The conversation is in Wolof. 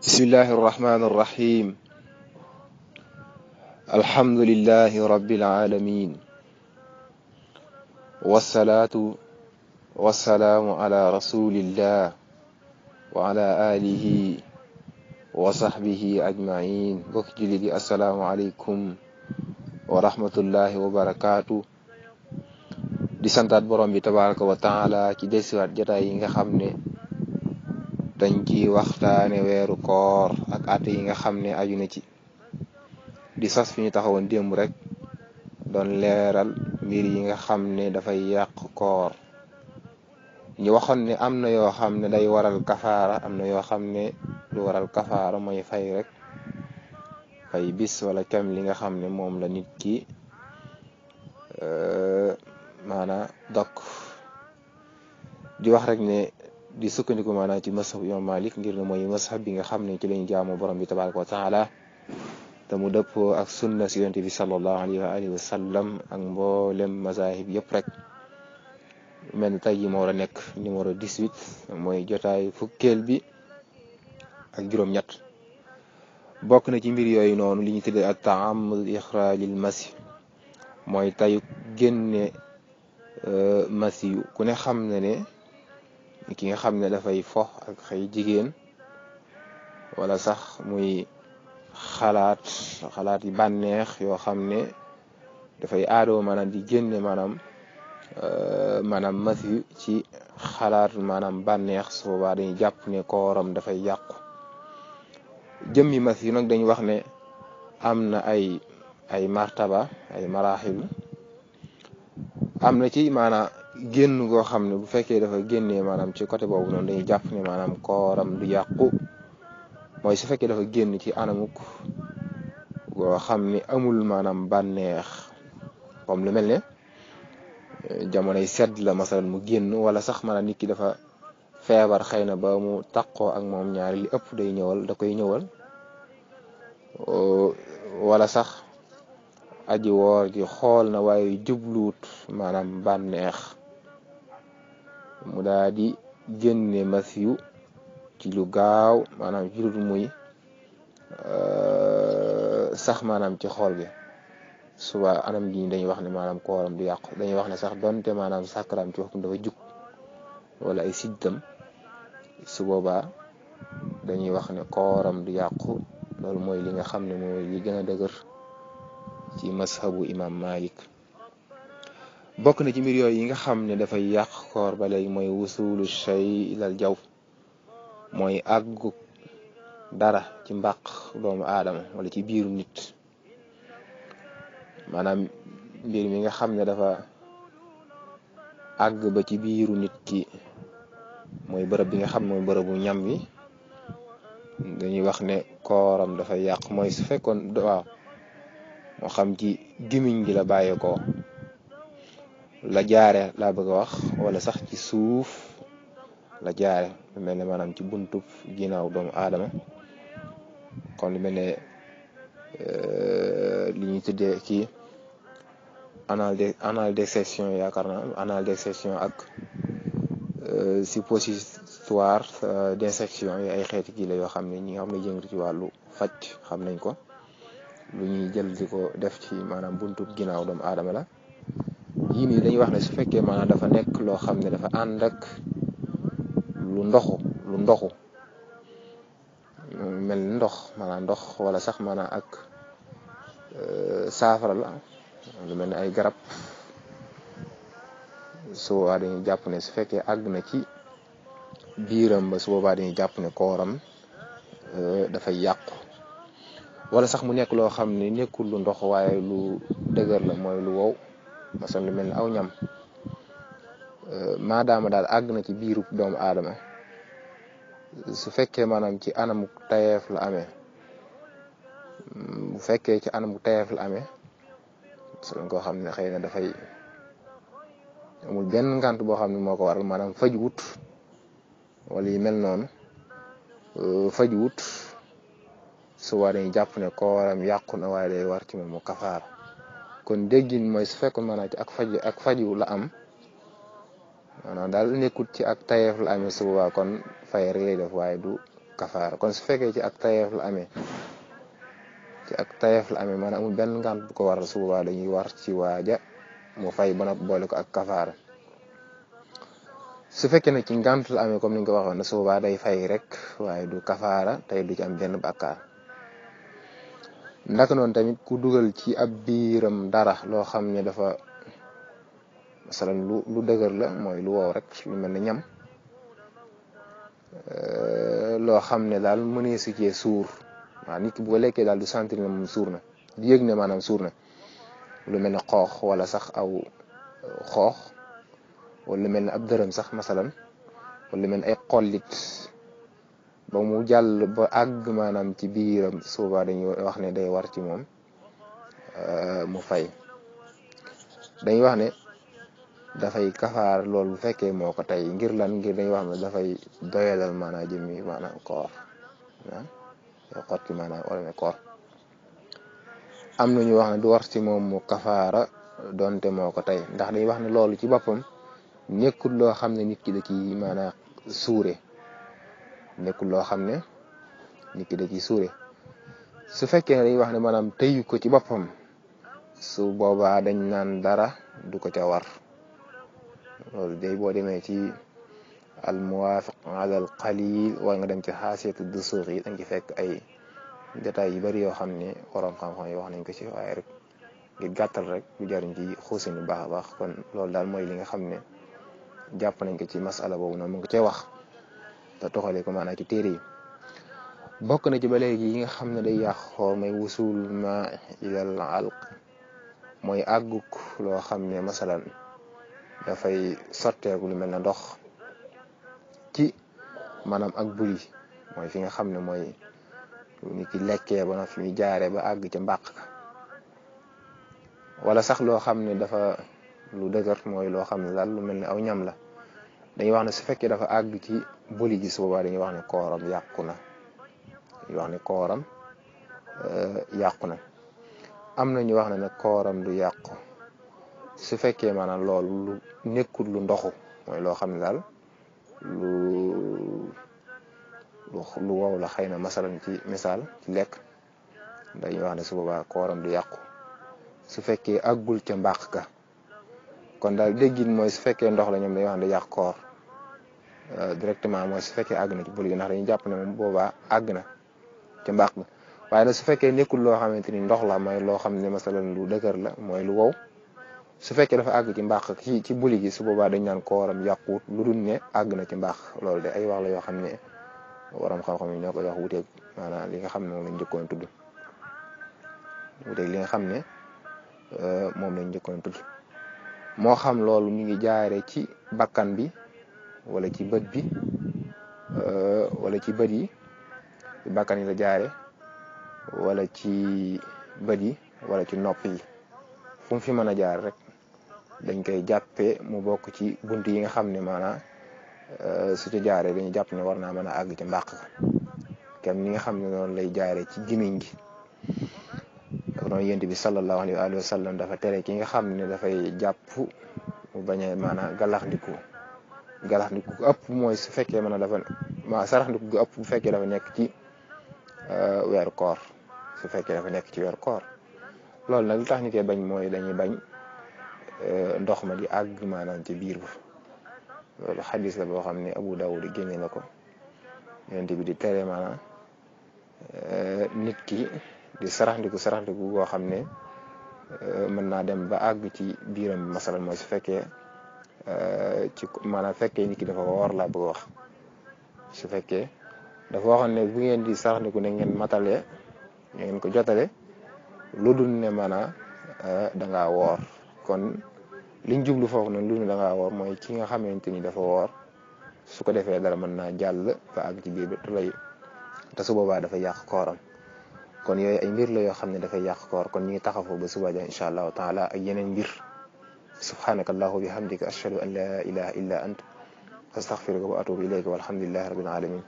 بسم الله الرحمن الرحيم الحمد لله رب العالمين والصلاة والسلام على رسول الله وعلى آله وصحبه أجمعين بكجلدي السلام عليكم ورحمة الله وبركاته di santaat borom bi tabaraka wa taala ci desiwaat jotaay yi nga xam dañ ci waxtaane weeru koor ak at yi nga xam ne aju na ci di sas fi ñu taxawoon démb rek doon leeral mbir yi nga xam ne dafay yàq koor ñu waxoon ne am na yoo xam ne day waral kafaara am na yoo xam ne lu waral kafaara mooy fay rek fay bis wala kem li nga xam ne moom la nit ki euh, dokk di wax rek ne di sukkandiku maanaam ci mazhabu imam malik ngir ne mooy mazhab bi nga xam ne ci lañu jaamoo borom bi tabaraka wa taala te mu dëppoo ak sunna si yonent bi sallallahu alayhi wa alihi wa sallam ak mboolem mazahib yëpp rek mel tey ji moo war a nekk numéro 18 mooy jotaay fukkeel bi ak juróom-ñett bokk na ci mbir yooyu noonu li ñu tuddee ak taamul ixraajil masi mooy tayu génne euh, masi yu ku ne xam na ne ki nga xam ne dafay fox ak xëy jigéen wala sax muy xalaat xalaat yi bànneex yoo xam ne dafay aadoo maanaam jigéen génne maanaam euh, maanaam mathiyu ci xalaat maanaam bànneex su boobaa dañuy jàpp ne kooram dafay yàqu jëmmi mathiyu nag dañu wax ne am na ay ay martaba ay maraaxil am na ci maanaam génn goo xam ne bu fekkee dafa génnee maanaam ci côté boobu noonu dañuy jàpp ne maanaam kooram du yàqu mooy su fekkee dafa génn ci anamuk goo xam ne amul maanaam bànneex comme lu mel ne eh, jamonoy sedd la masalan mu génn wala sax mana nit ki dafa feebar xëy na ba mu taqoo ak moom ñaar yi ëpp day ñëwal da koy ñëwal eh, wala sax aji woor ji xool na waaye jubluut maanaam bànneex mu daadi di génne masiyu ci lu gaaw maanaam ci lu muy euh, sax maanaam ci xool bi suba anam gi dañuy wax ne maanaam kooram du yàqu dañuy wax ne sax donte maanaam sàkkaraam ci waxtu dafa jug wala ay siddam su boobaa dañuy wax ne kooram du yàqu loolu mooy li nga xam ne mooy li gën a dëgër ci mashabu imam Malik bokk na ci mbir yooyu yi nga xam ne dafay yàq koor ba léegi mooy wusulu shay ilal jaw mooy àggu dara ci mbàq doomu aadama wala ci biiru nit maanaam mbir mi nga xam ne dafa àgg ba ci biiru nit ki mooy bërëb bi nga xam mooy bërëbu ñam wi dañuy wax ne kooram dafay yàq mooy su fekkoon waaw moo xam ci gémmiñ gi la bàyyeekoo la jaare laa bëgg a wax wala sax ci suuf la jaare lu mel ne maanaam ci buntub ginnaaw doomu aadama kon lu mel ne euh, li ñuy tuddee kii anal de anal d'exception yaakaar na anal d'exception ak euh, suppositoire euh, d'insection yi ay xeeti kii la yoo xam ne ñi nga xam ne jëngi ci wàllu faj xam nañ ko lu ñuy jël di ko def ci maanaam buntub ginnaaw doomu aadama la yii nii dañuy wax ne su fekkee maanaam dafa nekk loo xam ne dafa ànd ak lu ndoxu lu ndoxu mel ni ndox mana ndox walla sax mana ak euh, saafara la lu mel ni ay garab su boobaa dañuy jàpp ne su fekkee àgg na ci biiram ba su boobaa dañuy jàpp ne kooram euh, dafay yàqu wala sax mu nekk loo xam ne nekkul lu ndox waaye lu dëgër la mooy lu wow parce que mel ne aw ñam euh, maadaama daal àgg na ci biiru doomu aadama su fekkee maanaam ci anamu tayeef la amee bu fekkee ci anamu tayeef la amee su koo xam ne xëy na dafay amul benn ngant boo xam ne moo ko waral maanaam faj wut wala yi mel noonu euh, faj wut su waree jàpp ne ko yàqu na waaye day war ci moom mu kafaara kon déggin mooy su fekkoon maanaam ci ak faj ak faju la am maanaam daal nekkut ci ak tayeef la am su kon fay rek lay waaye du kafaara kon su fekkee ci ak tayeef la amee ci ak tayeef la amee maanaam amul benn ngànt bu ko waral su dañuy war ci waaja moo fay ba noppi boole ko ak kafaara su fekkee nag ci ngànt la amee comme ni nga ko waxoon na su day fay rek waaye du kafaara tey du ci am benn bàkkaar naka non tamit ku duggal ci ab biram dara lo xamne dafa masalan lu lu deugar la moy lu wow rek lu melni ñam loo xam ne daal mënee ci cee suur waaw nit bu ko dal du sentir ne moom sourna di yëg ne maanaam suur lu melni xox wala sax aw xox wala melni ab dërëm sax masalan wala melni ay xolit ba mu jàll ba àgg maanaam ci biiram suba dañu wax ne day war ci moom euh, mu fay dañuy wax ne dafay kafaar loolu bu fekkee moo ko tey ngir lan ngir dañuy wax ne dafay doyalal maanaam jëmmi maanaam koor waaw ah, xot ci maanaam olome koor am na ñu wax ne du war ci moom mu kafaara donte moo ko tey ndax dañuy wax ne loolu ci boppam nekkut loo xam ne nit ki da ciy maanaam suure nekkul loo xam ne nit ki da ciy suure su fekkee ne dañuy wax ne maanaam tëyu ko ci boppam su boobaa dañ naan dara du ko ca war loolu day boo demee ci al muwaafiq dal al qalil war nga dem ci xaasiyatu dusuur yi dañ ci fekk ay détails yu bari yoo xam ne waroom xam-xam yi wax nañ ko ci waaye rek ngir gàttal rek bu jariñ ci xuusin bu baax a baax kon loolu daal mooy li nga xam ne jàpp nañ ko ci masala boobu noonu mu ngi cee wax te toxalee ko maanaam ci téere yi bokk na ci ba léegi yi nga xam ne day yàq xormay wusul ma ilal alq mooy agguk loo xam ne masalan dafay sotteeku lu mel na ndox ci maanaam ak buli mooy fi nga xam ne mooy nit ki lekkee ba na fi muy jaaree ba àgg ca mbàq wala sax loo xam ne dafa lu dëgër mooy loo xam ne daal lu mel ne aw ñam la dañuy wax ne su fekkee dafa àgg ci boli gi su boobaa wax ne kooram yàqu na dañuy wax ne kooram euh, yàqu na am na ñu wax ne nag kooram du yàqu su fekkee maanaam loolu lu nekkul lu ndoxu mooy loo xam ne daal lu lu wow la xëy na masalan ci misaal ci lekk dañuy wax ne su boobaa kooram du yàqu su fekkee àggul ca mbàq ka kon daal déggin mooy su fekkee ndox la ñoom dañoo xam ne yàq koor euh, directement mooy su fekkee àgg na ci bul gi ndax dañuy jàpp na moom boobaa àgg na ci mbaax bi waaye na su fekkee nekkul loo xamante ni ndox la mooy loo xam ne masalan lu dëgër la mooy lu wow su fekkee dafa àgg ci mbaax ci ci buli gi su boobaa dañ naan kooram yàquut lu dul ne àgg na ci mbaax loolu de ay wax la yoo xam ne waram xam yi ñoo ko wax wuteeg maanaam li nga xam ne moom lañ njëkkoon li nga xam ne euh, moom lañ njëkkoon tudd moo xam loolu mi ngi jaare ci bakkan bi wala ci bët bi euh, wala ci bët yi bakkan yi la jaare wala ci bët yi wala ci nopp yi fu mu fi mën a jaar rek dañ koy jàppe mu bokk ci bunt yi nga xam ne maanaam euh, su ci jaaree dañu jàpp ne war naa mën a àgg ci mbàq kem ni nga xam ne noonu lay jaare ci gémmiñ gi noonu yént bi sallallahu alayhi wa sallam dafa tere ki nga xam ne dafay jàpp mu bañ a maanaam galaxndiku galaxndiku gu ëpp mooy su fekkee ma a dafa ma saraxndiku gu ëpp bu fekkee dafa nekk ci euh, weer koor su fekkee dafa nekk ci weeru koor loolu nag li tax ñu ke bañ mooy dañuy bañ euh, ndox ma di àgg maanaam ci biir ba loolu xadis la boo xam ne Abu Dawud génne na ko yonent bi di tere mana euh, nit ki di saraxndiku saraxndiku goo xam ne mën naa dem ba àgg ci biiram bi masalan mooy su fekkee ci maanaam fekkee nit ki dafa woor laa bëgg wax su fekkee dafa waxoon ne bu ngeen di saraxndiku ne ngeen matale ne ngeen ko jotale lu dul ne maanaa da ngaa woor kon liñ jublu foofu noonu lu dul da ngaa woor mooy ki nga xamante ni dafa woor su ko defee dara mën naa jàll ba àgg ci biir bi te su boobaa dafa yàq kooram kon yoy ay mbir la yo xamne da fay yak koor kon ñi ngi taxaw ba suba ja incha allahu taala ay yenen mbir subhanaka allahu bihamdika ashhadu an la ilaha illa ant astaghfiruka wa atubu ilayka walhamdulillahi rabbil alamin